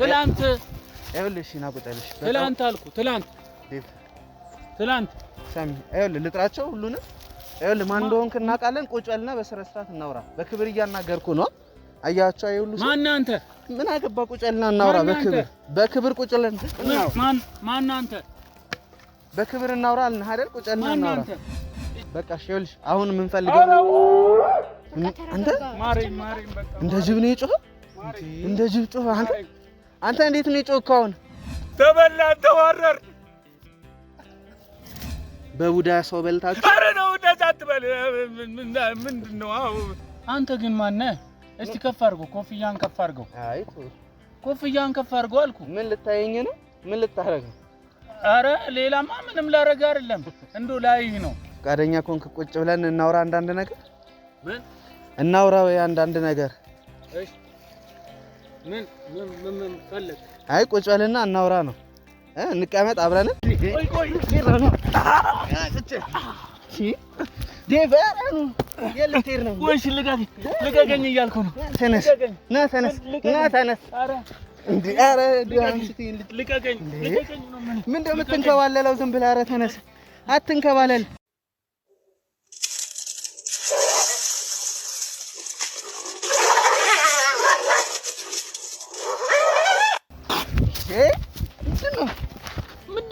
ትላንት ይኸውልሽ ና ቁጭ አለሽ። ትላንት አልኩህ። ትላንት ሰሚ ይኸውልህ ልጥራቸው ሁሉንም ይኸውልህ ማን እንደሆንክ እናውቃለን። ቁጭ በልና በስነ ስርዓት እናውራ። በክብር እያናገርኩህ ነው። አያቸው አይሁሉ ማነህ አንተ? ምን አገባ? ቁጭ በልና እናውራ። በክብር በክብር ቁጭ በልና እናውራ። ማን ማነህ አንተ? በክብር እናውራ አልን አይደል? ቁጭ በልና እናውራ። በቃ ይኸውልሽ አሁን የምንፈልገው አንተ እንደ ጅብ ነው የጮኸው። እንደ ጅብ ጮኸ አንተ አንተ እንዴት ነው የጮኸው? አሁን ተበላን፣ ተዋረር በቡዳ ሰው በልታችሁ። አረ ነው እንደዛ አትበል። ምንድን ነው አንተ ግን ማነህ? እስቲ ከፍ አድርገው፣ ኮፍያን ከፍ አድርገው። አይ ኮፍያን ከፍ አድርገው አልኩ። ምን ልታየኝ ነው? ምን ልታረግ አረ ኧረ ሌላማ ምንም ላረግ አይደለም፣ እንዶ ላይ ነው። ፈቃደኛ ኮንክ ቁጭ ብለን እናውራ፣ አንዳንድ ነገር ምን እናውራ ወይ አንዳንድ ነገር እሺ ምን ምን ምን ፈለግ? አይ ቁጭ በልና እናውራ ነው። እንቀመጥ አብረን። ልቀቀኝ እያልኩ ነው። ተነስ ና ተነስ ና ተነስ። ምንድን ነው የምትንከባለለው? ዝም ብለህ ኧረ ተነስ፣ አትንከባለል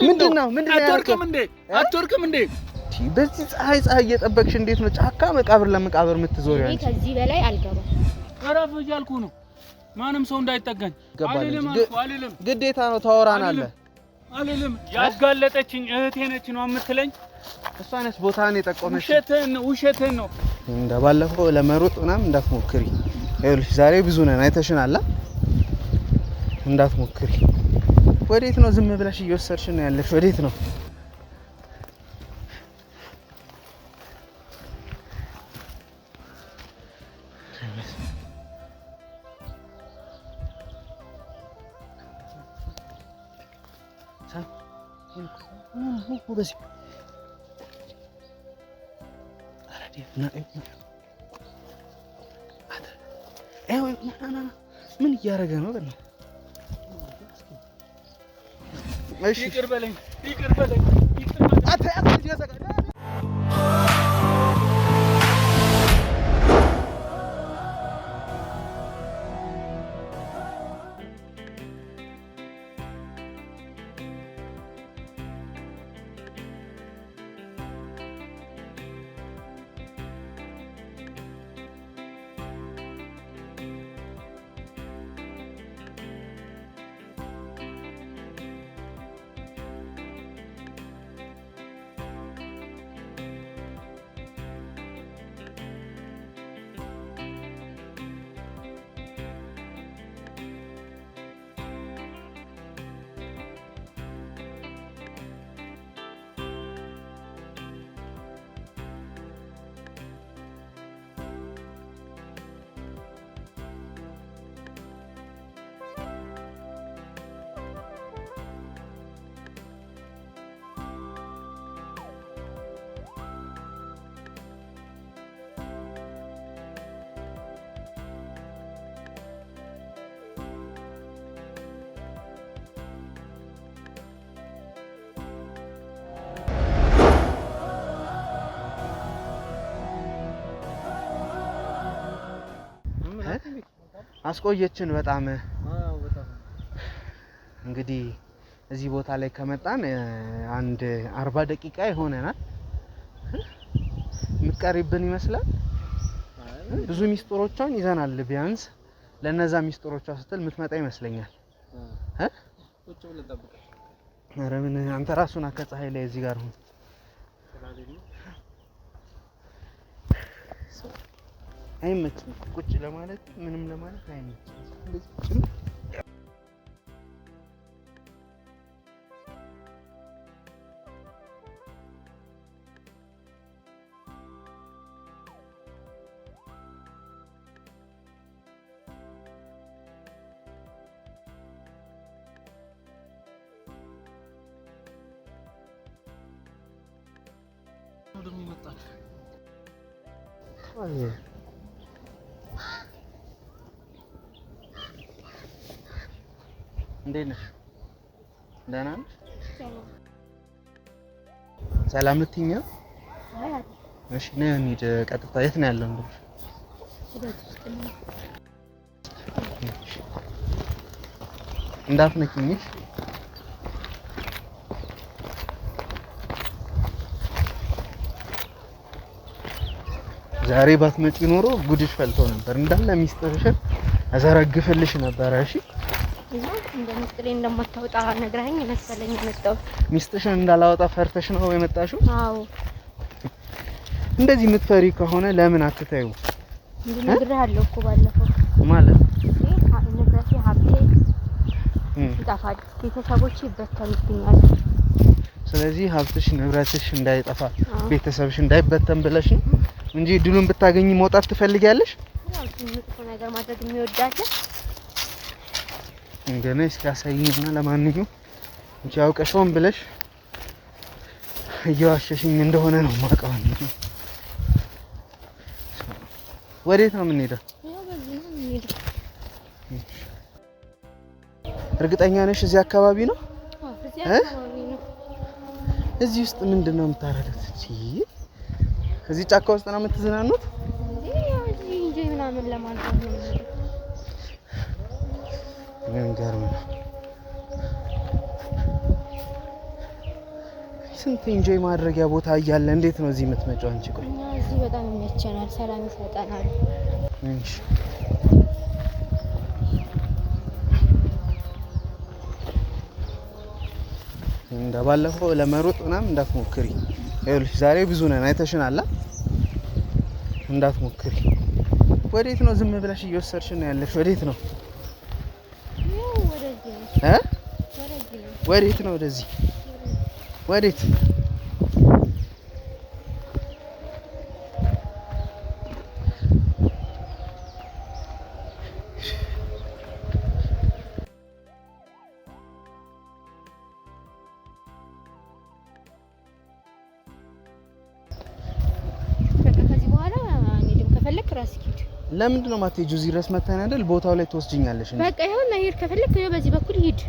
ምንድን ነው? ምንድን ነው? አትወርቅም እንዴ? አትወርቅም እንዴ? በዚህ ፀሐይ ፀሐይ እየጠበቅሽ እንዴት ነው ጫካ መቃብር ለመቃብር የምትዞሪው? አንቺ ከዚህ በላይ አልገባም። አረፍ እያልኩ ነው። ማንም ሰው እንዳይጠጋኝ። አልልም፣ ግዴታ ነው። ታወራናለህ። አልልም። ያጋለጠችኝ እህቴ ነች ነው የምትለኝ? እሷ ነች ቦታን የጠቆመች። ውሸትህን ነው፣ ውሸትህን ነው። እንደባለፈው ለመሮጥ ምናምን እንዳትሞክሪ። ይኸውልሽ ዛሬ ብዙ ነን አይተሽናል። እንዳትሞክሪ ወዴት ነው ዝም ብለሽ እየወሰድሽ ነው ያለሽ? ወዴት ነው? ምን እያደረገ ነው? ይቅር በለኝ፣ ይቅር በለኝ። አስቆየችን በጣም እንግዲህ እዚህ ቦታ ላይ ከመጣን አንድ አርባ ደቂቃ ይሆነናል። የምትቀሪብን ይመስላል። ብዙ ሚስጥሮቿን ይዘናል። ቢያንስ ለነዛ ሚስጥሮቿ ስትል የምትመጣ ይመስለኛል። ኧረ ምን አንተ ራሱን ከፀሐይ ላይ እዚህ ጋር ሁን አይመችም። ቁጭ ለማለት ምንም ለማለት አይመችም። ደግሞ ይመጣል እንዴት ነሽ? ደህና ነሽ? ሰላም ልትይኝ ነው? እሺ፣ ነይ እንሂድ። ቀጥታ የት ነው ያለው? እንዴ እሺ። ዛሬ ባትመጪ ኖሮ ጉድሽ ፈልቶ ነበር። እንዳለ ሚስጥርሽን እዘረግፍልሽ ነበረ። እሺ እንደ ሚስጥሬ እንደማታወጣ ነግራኝ መሰለኝ የመጣሁት። ሚስጥሽን እንዳላወጣ ፈርተሽ ነው የመጣሽው? አዎ። እንደዚህ የምትፈሪ ከሆነ ለምን አትተዩ? ነግሬሃለሁ እኮ ባለፈው ማለት ንብረቴ፣ ሀብቴ ይጠፋል፣ ይበተኑብኛል። ስለዚህ ሀብትሽ፣ ንብረትሽ እንዳይጠፋ ቤተሰብሽ እንዳይበተን ብለሽ ነው እንጂ ድሉን ብታገኝ መውጣት ትፈልጊያለሽ? ያው ትንሽ ነገር ማድረግ የሚወዳቸው እንደነሽ ያሳይኝና ለማንኛውም ያውቀሽውን ብለሽ እየዋሸሽኝ እንደሆነ ነው የማውቀው። ወዴት ነው የምንሄደው? እርግጠኛ ነሽ እዚህ አካባቢ ነው? እዚህ ውስጥ ምንድን ነው የምታረዱት? እዚህ ጫካ ውስጥ ነው የምትዝናኑት? የሚገርም ስንት ኢንጆይ ማድረጊያ ቦታ እያለ እንዴት ነው እዚህ የምትመጪው አንቺ? ቆይ እዚህ በጣም ይመቸናል፣ ሰላም ይሰጠናል። እሺ እንደባለፈው ለመሮጥ ምናምን እንዳትሞክሪ። ይኸውልሽ ዛሬ ብዙ ነን አይተሽናል። እንዳትሞክሪ። ወዴት ነው ዝም ብለሽ እየወሰድሽ ነው ያለሽ? ወዴት ነው ወዴት ነው? ወደዚህ ወዴት ለምንድን ነው የማትሄጂው? እዚህ ድረስ መተን አይደል? ቦታው ላይ ትወስጂኛለሽ እንጂ በቃ ይሁን። መሄድ ከፈለክ በዚህ በኩል ሂድ።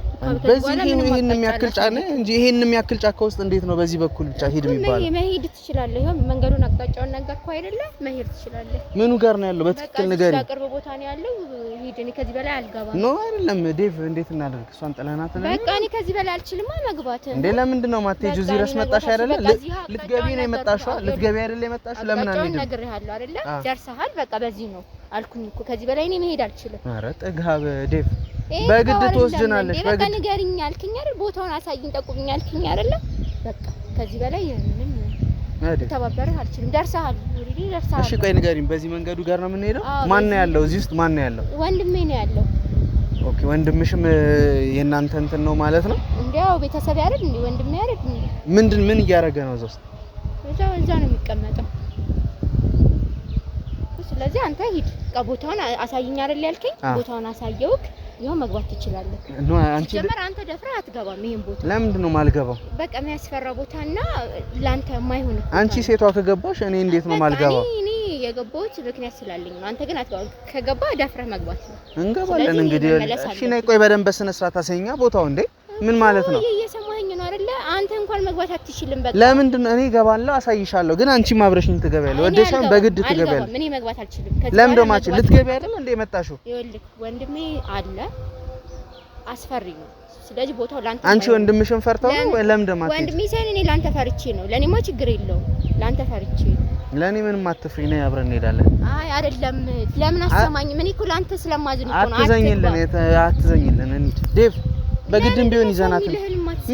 ይሄን የሚያክል ነው እንጂ ይሄን የሚያክል ጫካ ውስጥ እንዴት ነው በዚህ በኩል ብቻ ሂድ የሚባለው? መሄድ ትችላለህ። ይሁን መንገዱን አቅጣጫውን ነገርኩህ አይደለ? መሄድ ትችላለህ። ምኑ ጋር ነው ያለው? በትክክል ንገሪኝ። ቅርብ ቦታ ነው ያለው እንሂድ። እኔ ከዚህ በላይ አልገባም። ኖ አይደለም ዴቭ፣ እንዴት እናደርግ? እሷን ጥለናት ነው በቃ። እኔ ከዚህ በላይ አልችልም መግባት። እንዴ ለምንድን ነው የማትሄጂው? እዚህ ድረስ መጣሽ አይደለ? ልትገቢ ነው የመጣሽው። ልትገቢ አይደለ የመጣሽው? ለምን አንዴ አንሄድም? ነግሬሃለሁ አይደለ? ደርሰሃል። በቃ በዚህ ነው አልኩኝ እኮ። ከዚህ በላይ እኔ መሄድ አልችልም። አረ ጥጋብ ዴቭ፣ በግድ ትወስጅናለሽ። በቃ ንገሪኝ አልክኝ አይደል? ቦታውን አሳይኝ፣ ጠቁምኝ አልክኝ አይደለ? በቃ ከዚህ በላይ ምንም ተባበረ አልችልም። ደርሰሃል እንግዲህ ደርሳለሁ። እሺ ቆይ ንገሪኝ፣ በዚህ መንገዱ ጋር ነው የምንሄደው? ማን ነው ያለው እዚህ ውስጥ? ማን ነው ያለው? ወንድሜ ነው ያለው። ኦኬ ወንድምሽም የእናንተ እንትን ነው ማለት ነው? እንዲያው ቤተሰብ ያረድ እንዴ ወንድሜ ያረድ እንዴ? ምንድን ምን እያደረገ ነው እዛ ውስጥ? እዛው እዛ ነው የሚቀመጠው። ስለዚህ አንተ ሂድ፣ ቦታውን አሳይኝ አይደል ያልከኝ? ቦታውን አሳየውክ ያው መግባት ትችላለህ። ጀመር አንተ ደፍረህ አትገባም። ይሄን ቦታ ለምንድን ነው የማልገባው? በቃ የሚያስፈራ እና ለአንተ የማይሆን አንቺ ሴቷ ከገባሽ እኔ እንዴት ነው የማልገባው? እኔ የገባሁት ምክንያት ስላለኝ ነው። አንተ ግን አትገባም። ከገባህ ደፍረህ መግባት ነው። እንገባለን እንግዲህ። እሺ ነይ ቆይ፣ በደንብ በስነ ስርዓት አሰኛ ቦታው እንዴ ምን ማለት ነው? ቃል መግባት አትችልም። በቃ ለምንድን ነው እኔ እገባለሁ፣ አሳይሻለሁ። ግን አንቺ አብረሽኝ ትገቢያለሽ። ወደሻም በግድ ትገቢያለሽ። እኔ መግባት አልችልም። ለምንድን ነው የማትችል? ልትገቢ አይደል እንዴ የመጣሽው? ይኸውልህ ወንድሜ አለ አስፈሪ ነው። ስለዚህ ቦታው ላንተ አንቺ ወንድምሽን ፈርተው ነው። ወይ? ለምን ደማ ወንድሜ ሳይን እኔ ላንተ ፈርቼ ነው። ለኔማ ችግር የለውም ላንተ ፈርቼ ለኔ ምንም አትፍሪ ነው። አብረን እንሄዳለን። አይ አይደለም፣ ለምን አሰማኝ። ምን እኮ ላንተ ስለማዝን እኮ ነው። አትዘኝልን፣ አትዘኝልን። እንዴ ዴቭ በግድም ቢሆን ይዘናት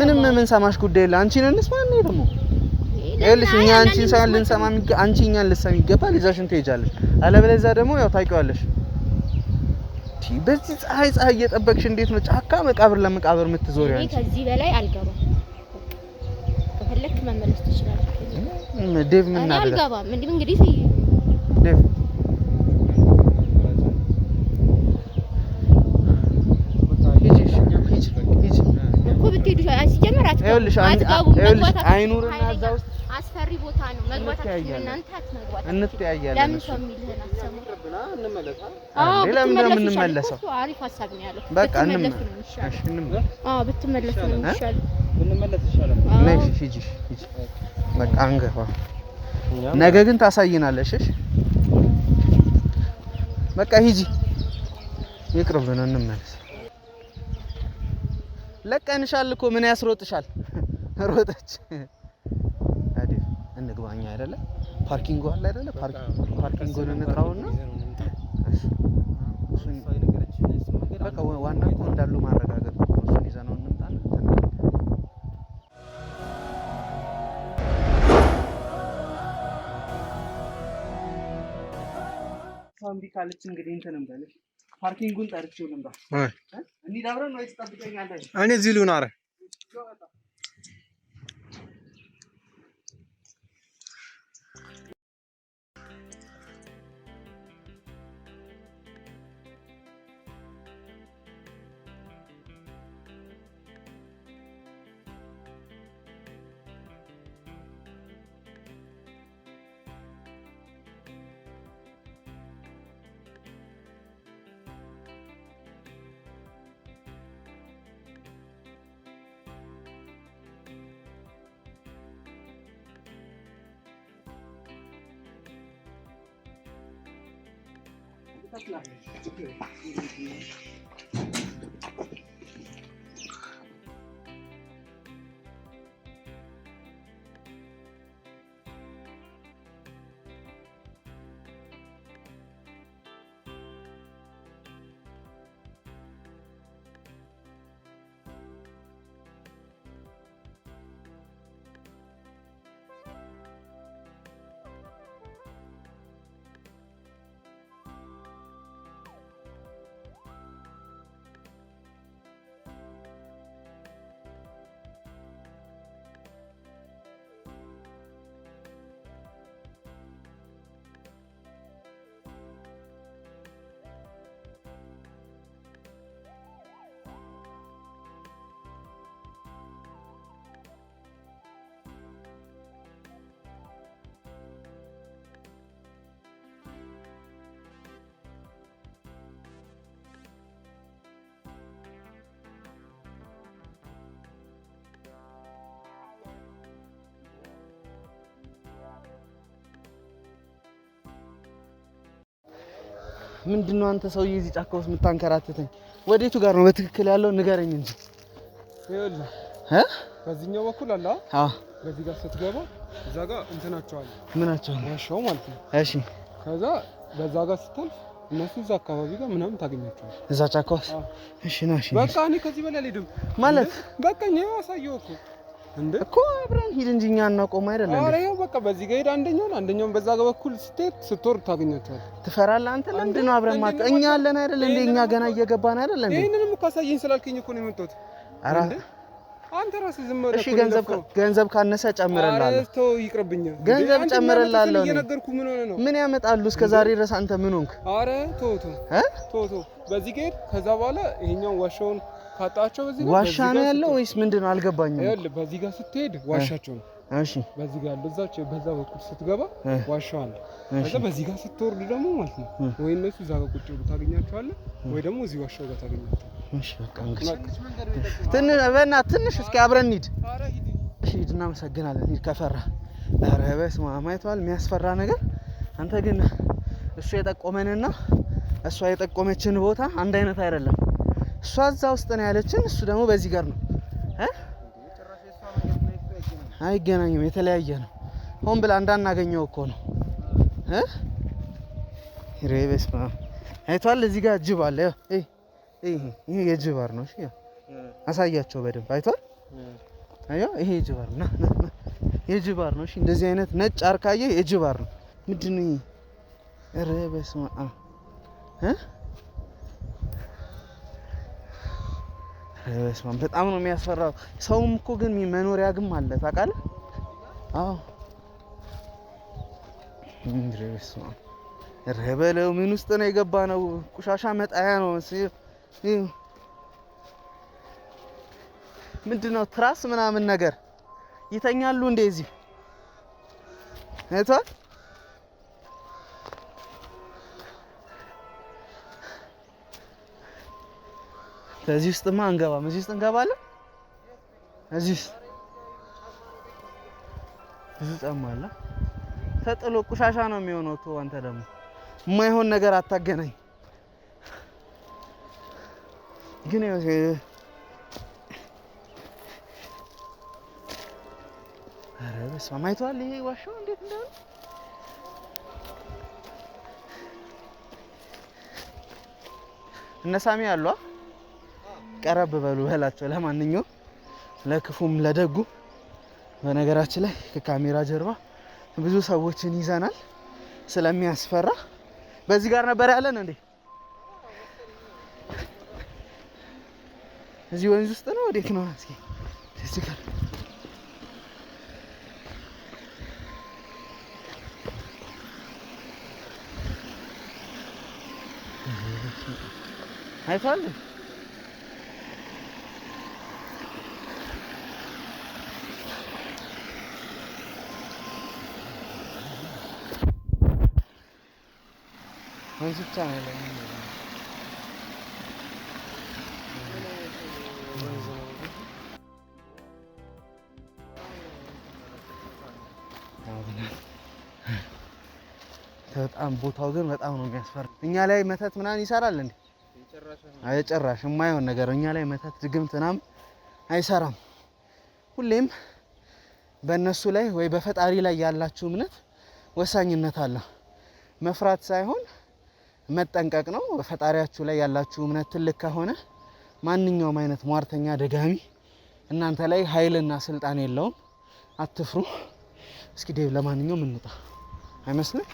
ምንም የምንሰማሽ ጉዳይ የለ። አንቺን እንስማ ነው ደግሞ ይኸውልሽ፣ እኛ አንቺን ሳይሆን ልንሰማ አንቺ እኛን ልትሰሚ ይገባል። ይዛሽን ትሄጃለሽ። አለበለዚያ ደግሞ ያው ታውቂዋለሽ። በዚህ ፀሐይ ፀሐይ እየጠበቅሽ እንዴት ነው ጫካ መቃብር ለመቃብር የምትዞሪው? አንቺ ከዚህ በላይ አልገባም። ከፈለክ መመለስ ትችላለህ ዴቭ። ምን አደረገ? አልገባም እንግዲህ ዴቭ ይኸውልሽ አይኑርና እዛ ውስጥ አስፈሪ ቦታ ነው። መግባታችን እናንተ አትመግባት። ለምን ሰው የሚልህን አትሰማም? በቃ አዎ ብትመለስ ነው በቃ ነገ ግን ታሳይናለሽ። እሺ በቃ ሂጂ። ይቅርብን፣ እንመለስ ለቀንሻል እኮ ምን ያስሮጥሻል? ሮጠች። አዲስ እንግባኛ አይደለ ፓርኪንግ ዋል አይደለ ፓርኪንግ ነው እንጥራውና በቃ ዋና እኮ እንዳሉ ማረጋገጥ ነው። እሱን ነው እንምጣለን። ሳምቢ ካለች እንግዲህ እንትን እንበልሽ ፓርኪንጉን ጠርቼው ልምባ እኔ እዚህ ልሁን። አረ 就是，嗯。ምንድን ነው አንተ ሰውዬ እዚህ ጫካ ውስጥ የምታንከራትተኝ? ወዴቱ ጋር ነው በትክክል ያለው ንገረኝ እንጂ። ይኸውልህ እ በዚህኛው በኩል አለ። አዎ፣ በዚህ ጋር ስትገባ እዛ ጋር እንትናቸው አለ። ምናቸው አለ? ዋሻው ማለት ነው። እሺ፣ ከዛ በዛ ጋር ስታልፍ እነሱ እዛ አካባቢ ጋር ምናምን ታገኛቸዋለህ። እዛ ጫካ ውስጥ። እሺ፣ ና። እሺ፣ በቃ እኔ ከዚህ በላይ አልሄድም ማለት በቃ። ነው ያሳየው እኮ እኮ አብረን ሂድ እንጂ እኛ እናቆም አይደለም። ኧረ ይኸው በቃ በዚህ ጋር ሄድ አንደኛውን አንደኛውን በዛ በኩል ስትሄድ ስትወርድ ታገኛቸዋለህ። ትፈራለህ አንተ። ለምንድን ነው አብረን ማታ እኛ አለን አይደል እንዴ? እኛ ገና እየገባን አይደል እንዴ? ይሄንንም እኮ አሳየኝ ስላልከኝ እኮ ነው የመጣሁት። ኧረ አንተ ራስህ ዝም ብለህ እሺ። ገንዘብ ገንዘብ ካነሰ ጨምረላለሁ። ተው ይቅርብኝ። ገንዘብ ጨምረላለሁ። እየነገርኩህ ምን ሆነህ ነው? ምን ያመጣሉ? እስከ ዛሬ ድረስ አንተ ምን ሆንክ? ኧረ ተው ተው ተው ተው። በዚህ ጋር ሄድ። ከዛ በኋላ ይሄኛውን ዋሻውን ካጣቸው በዚህ ጋር ዋሻ ነው ያለው ወይስ ምንድን ነው አልገባኝም። ይኸውልህ በዚህ ጋር ስትሄድ ዋሻቸው ነው። እሺ በዚህ ጋር በዛች በዛ በኩል ስትገባ ዋሻው አለ። ከዛ በዚህ ጋር ስትወርድ ደግሞ ማለት ነው ወይ እነሱ እዛ ጋር ቁጭ ብሎ ታገኛቸዋለህ ወይ ደግሞ እዚህ ዋሻው ጋር ታገኛቸዋለህ። እሺ በቃ እንግዲህ ትንሽ በእናትህ ትንሽ እስኪ አብረን እንሂድ። እሺ ሂድ፣ እናመሰግናለን። ሂድ ከፈራ ኧረ በስመ አብ አይተዋል፣ የሚያስፈራ ነገር። አንተ ግን እሱ የጠቆመንና እሷ የጠቆመችን ቦታ አንድ አይነት አይደለም። እሷ እዛ ውስጥ ነው ያለችን፣ እሱ ደግሞ በዚህ ጋር ነው። አይገናኝም፣ የተለያየ ነው። ሆን ብላ እንዳናገኘው እኮ ነው። ሬቤስ አይቷል። እዚህ ጋር ጅብ አለ። ይሄ የጅባር ነው። እሺ፣ አሳያቸው በደንብ አይቷል። አዮ ይሄ ጅባር አር ነው። የጅባር ነው። እሺ እንደዚህ አይነት ነጭ አርካዬ የጅባር ነው። ምንድን ነው? ኧረ በስመ በስማም በጣም ነው የሚያስፈራው። ሰውም እኮ ግን መኖሪያ ግም አለ ታውቃለህ? አዎ ረበለው ምን ውስጥ ነው የገባ ነው? ቁሻሻ መጣያ ነው። ምንድን ነው ትራስ ምናምን ነገር ይተኛሉ እንደዚህ እህቷ ከዚህ ውስጥማ አንገባም። እዚህ ውስጥ እንገባለን። እዚህ ውስጥ ብዙ ጫማ አለ። ተጥሎ ቁሻሻ ነው የሚሆነው። ተው አንተ ደግሞ የማይሆን ነገር አታገናኝ። ግን ኧረ በስመ አብ አይተዋል። ይሄ ዋሻው እንዴት እንደሆነ እነ ሳሚ አሉ። ቀረብ በሉ በላቸው። ለማንኛውም ለክፉም ለደጉ በነገራችን ላይ ከካሜራ ጀርባ ብዙ ሰዎችን ይዘናል ስለሚያስፈራ። በዚህ ጋር ነበር ያለን እንዴ? እዚህ ወንዝ ውስጥ ነው። ወዴት ነው? እስኪ እዚህ ጋር አይቷል ወንዝቻለሁ። በጣም ቦታው ግን በጣም ነው የሚያስፈራ። እኛ ላይ መተት ምናምን ይሰራል እንዴ? ጭራሽ የማይሆን ነገር እኛ ላይ መተት ድግምት ምናምን አይሰራም። ሁሌም በእነሱ ላይ ወይ በፈጣሪ ላይ ያላችሁ እምነት ወሳኝነት አለ። መፍራት ሳይሆን መጠንቀቅ ነው። ፈጣሪያችሁ ላይ ያላችሁ እምነት ትልቅ ከሆነ ማንኛውም አይነት ሟርተኛ ደጋሚ እናንተ ላይ ኃይልና ስልጣን የለውም። አትፍሩ። እስኪ ዴቭ ለማንኛውም እንውጣ አይመስልም?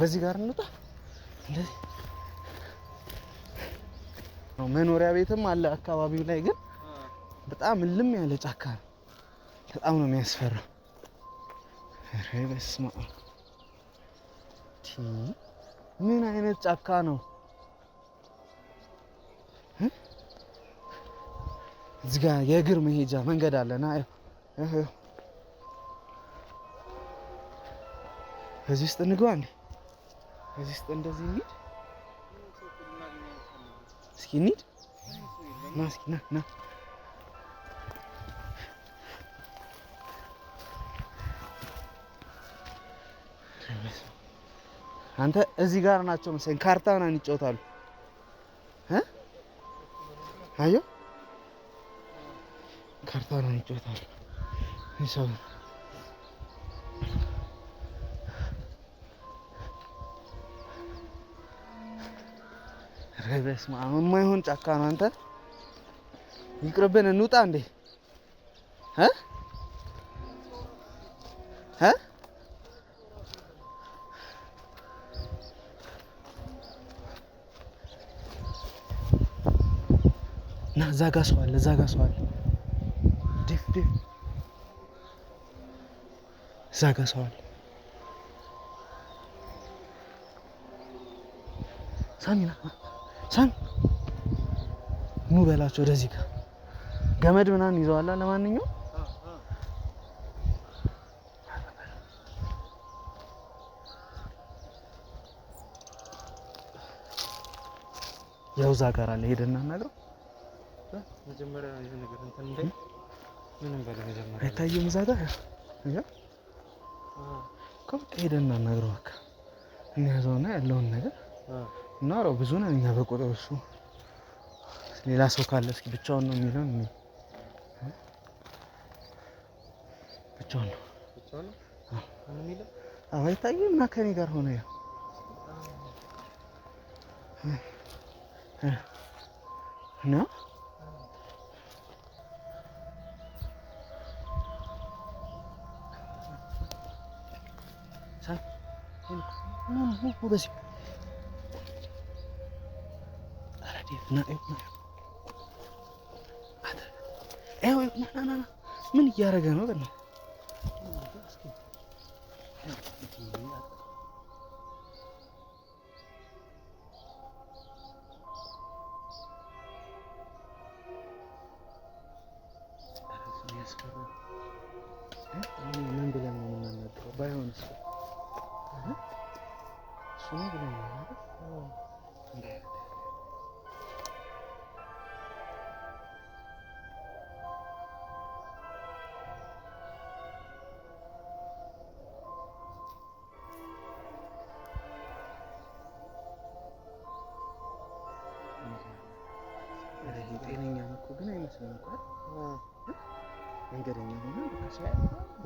በዚህ ጋር እንውጣ። እንደዚህ መኖሪያ ቤትም አለ አካባቢው ላይ ግን በጣም እልም ያለ ጫካ ነው። በጣም ነው የሚያስፈራ። በስመ አብ ምን አይነት ጫካ ነው? እዚህ ጋር የእግር መሄጃ መንገድ አለና እዚህ ውስጥ እንግባ እንዴ? እዚህ ውስጥ እንደዚህ እንሂድ እስኪ እንሂድ። ና እስኪ ና ና አንተ እዚህ ጋር ናቸው መሰለኝ ካርታ ምናምን ይጫወታሉ። አዩ ካርታ ምናምን ይጫወታሉ። ይሰው ረበስ ማም የማይሆን ጫካ ነው። አንተ ይቅርብን፣ እንውጣ እንዴ! እና እዛ ጋ ሰው አለ፣ እዛ ጋ ሰው አለ፣ ድፍ ድፍ፣ እዛ ጋ ሰው አለ። ሳሚና ሳሚ ኑ በላቸው ወደዚህ ጋ። ገመድ ምናምን ይዘዋላ። ለማንኛውም ያው እዛ ጋር አለ ሄደና እናግረው። መጀመሪያ ይሄ ነገር እንትን በቃ እንያዘውና ያለውን ነገር ብዙ ነን እኛ በቁጥር እሱ ሌላ ሰው ካለ እስኪ ብቻውን ነው የሚለውን ብቻውን ነው አይታየም እና ከኔ ጋር ሆነ ያው እና udah sih. Ada dia, nah, yuk, nah. Ada. Eh, yuk, nah, nah, nah. Mana kiara kan, Ini,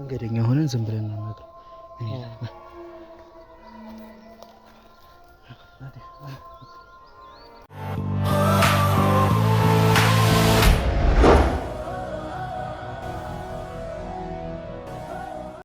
መንገደኛ ሆነን ዝም ብለን